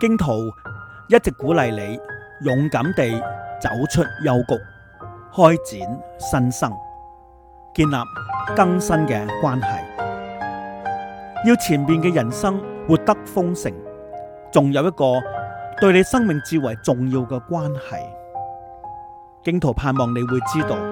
荊徒一直鼓勵你勇敢地走出幽谷，開展新生，建立更新嘅關係。要前面嘅人生活得豐盛，仲有一個對你生命至為重要嘅關係。荊徒盼望你會知道。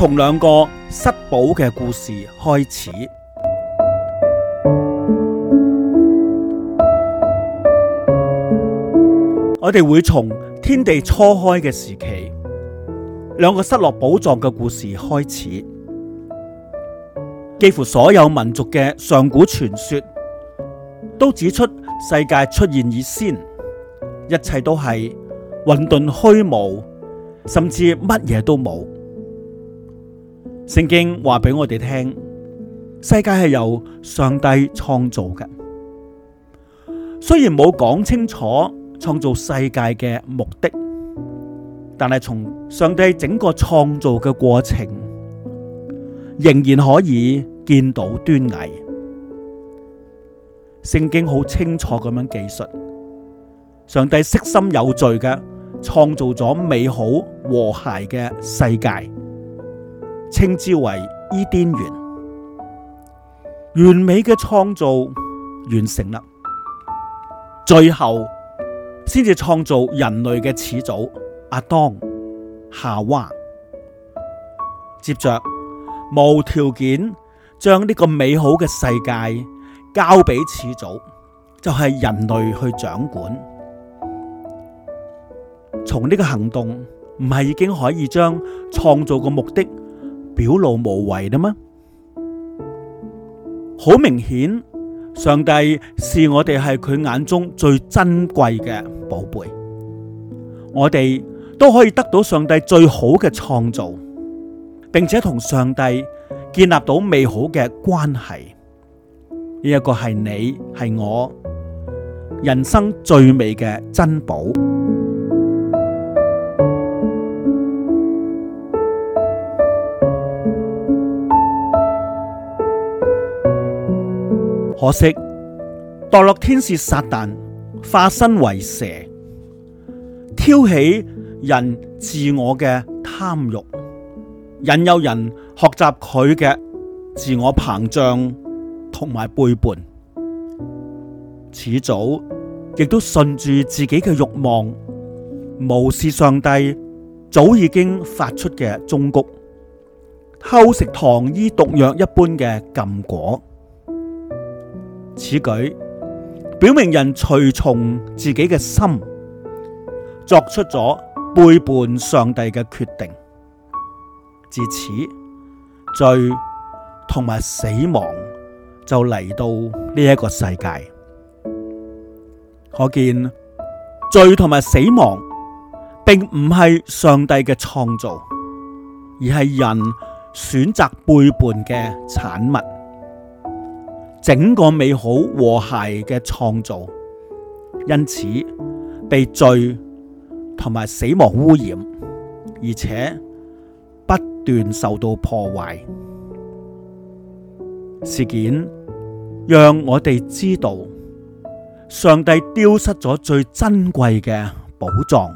從兩個失寶嘅故事開始，我哋會從天地初開嘅時期，兩個失落寶藏嘅故事開始。幾乎所有民族嘅上古傳說，都指出世界出現以先，一切都係混沌虛無，甚至乜嘢都冇。聖經話俾我哋聽，世界係由上帝創造嘅，雖然冇講清楚創造世界嘅目的，但係從上帝整個創造嘅過程，仍然可以見到端倪。聖經好清楚咁樣記述，上帝悉心有序嘅創造咗美好和諧嘅世界。稱之為伊甸園，完美嘅創造完成啦，最後先至創造人類嘅始祖亞當、夏娃，接着無條件將呢個美好嘅世界交俾始祖，就係人類去掌管。從呢個行動，唔係已經可以將創造嘅目的。表露無遺啦嗎？好明顯，上帝視我哋係佢眼中最珍貴嘅寶貝，我哋都可以得到上帝最好嘅創造，並且同上帝建立到美好嘅關係。呢一個係你，係我人生最美嘅珍寶。可惜墮落天使撒旦化身為蛇，挑起人自我嘅貪欲，引誘人學習佢嘅自我膨脹同埋背叛，始祖亦都順住自己嘅欲望，無視上帝早已經發出嘅忠告，偷食糖衣毒藥一般嘅禁果。此舉表明人隨從自己嘅心，作出咗背叛上帝嘅決定。至此，罪同埋死亡就嚟到呢一個世界。可見罪同埋死亡，並唔係上帝嘅創造，而係人選擇背叛嘅產物。整個美好和諧嘅創造，因此被罪同埋死亡污染，而且不斷受到破壞，事件讓我哋知道，上帝丟失咗最珍貴嘅寶藏，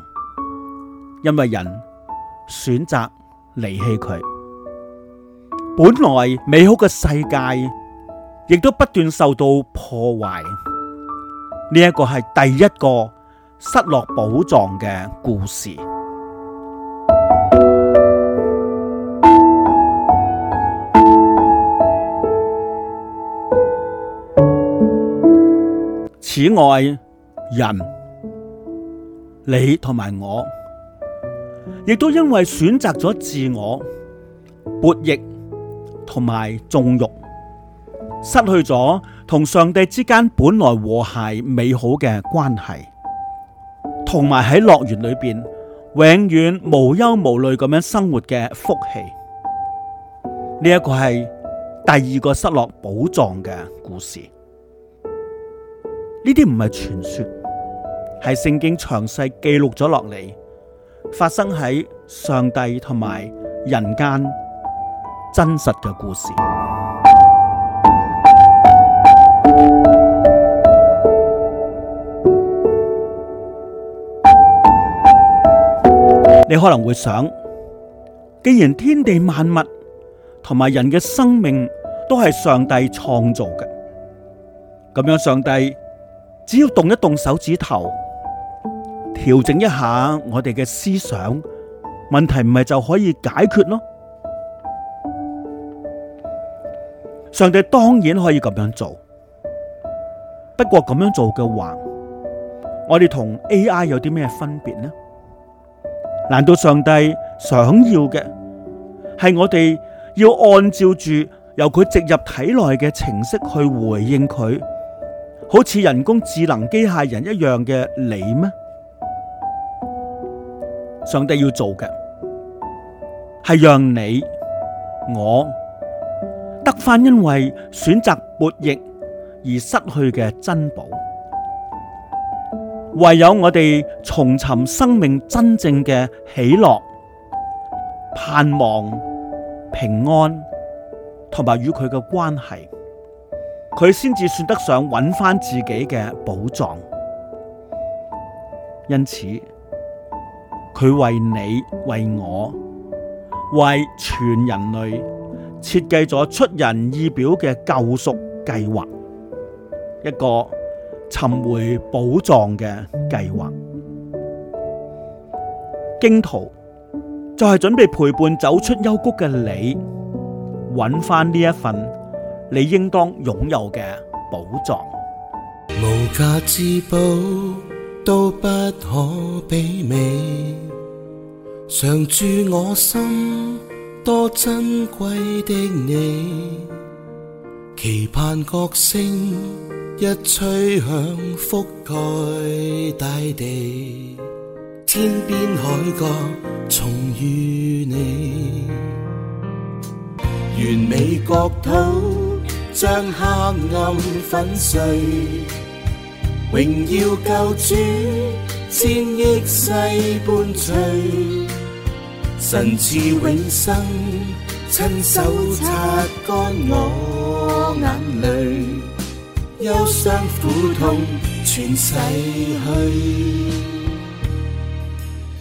因為人選擇離棄佢。本來美好嘅世界。亦都不斷受到破壞，呢一個係第一個失落寶藏嘅故事。此外，人，你同埋我，亦都因為選擇咗自我搏奕，同埋縱慾。失去咗同上帝之間本來和諧美好嘅關係，同埋喺樂園裏邊永遠無憂無慮咁樣生活嘅福氣，呢、這、一個係第二個失落寶藏嘅故事。呢啲唔係傳說，係聖經詳細記錄咗落嚟，發生喺上帝同埋人間真實嘅故事。你可能會想，既然天地萬物同埋人嘅生命都係上帝創造嘅，咁樣上帝只要動一動手指頭，調整一下我哋嘅思想，問題唔係就可以解決咯？上帝當然可以咁樣做，不過咁樣做嘅話，我哋同 AI 有啲咩分別呢？難道上帝想要的，是我們要按照着由他植入體內的程式，去回應他，好像人工智能機械人一樣的你嗎？上帝要做的，是讓你、我，得返因為選擇悖逆而失去的珍寶。唯有我哋重尋生命真正嘅喜樂、盼望、平安，同埋與佢嘅關係，佢先至算得上揾返自己嘅寶藏。因此，佢為你、為我、為全人類設計咗出人意表嘅救贖計劃，一個。尋回寶藏嘅計劃，荊徒就係準備陪伴走出幽谷嘅你，揾翻呢一份你應當擁有嘅寶藏。無價之寶都不可媲美，常住我心多珍貴的你，期盼角星，一吹響，覆蓋大地，天邊海角重遇你，完美國土將黑暗粉碎，榮耀救主，千億世伴隨，神賜永生，親手擦乾我眼淚。憂傷苦痛全逝去。